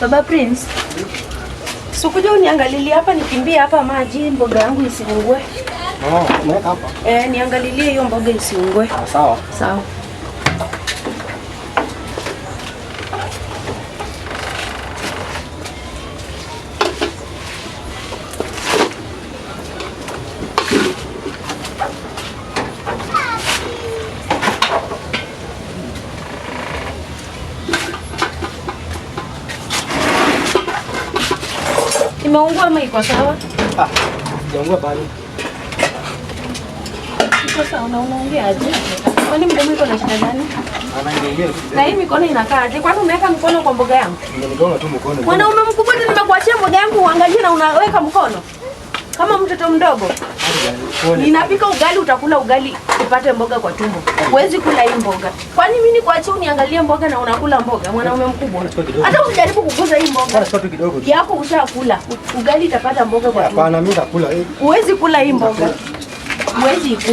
Baba Prince, sikuja uniangalilie hapa nikimbie hapa maji mboga yangu isiungue. Oh, eh, niangalilie hiyo mboga isiungue. Ah, sawa. Sawa. Imeungua ama iko sawa? Ah, imeungua bali. Iko sawa, na aje? Kwani mdomo iko na shida gani? Na hii mikono aje? Kwani umeweka mkono kwa mboga yangu? Nimegonga tu mkono. Mwanaume mkubwa, nimekuachia mboga yangu uangalie na unaweka mkono kama mtoto mdogo. Ninapika ugali, utakula ugali upate mboga kwa tumbo. Huwezi kula hii mboga. Kwani mimi nikuache uniangalie mboga na unakula mboga? Mwanaume mkubwa. Hata usijaribu kugusa hii mboga. Yako ushakula. Ugali itapata mboga kwa tumbo. Hapana, mimi nakula. Huwezi kula hii mboga. Huwezi kula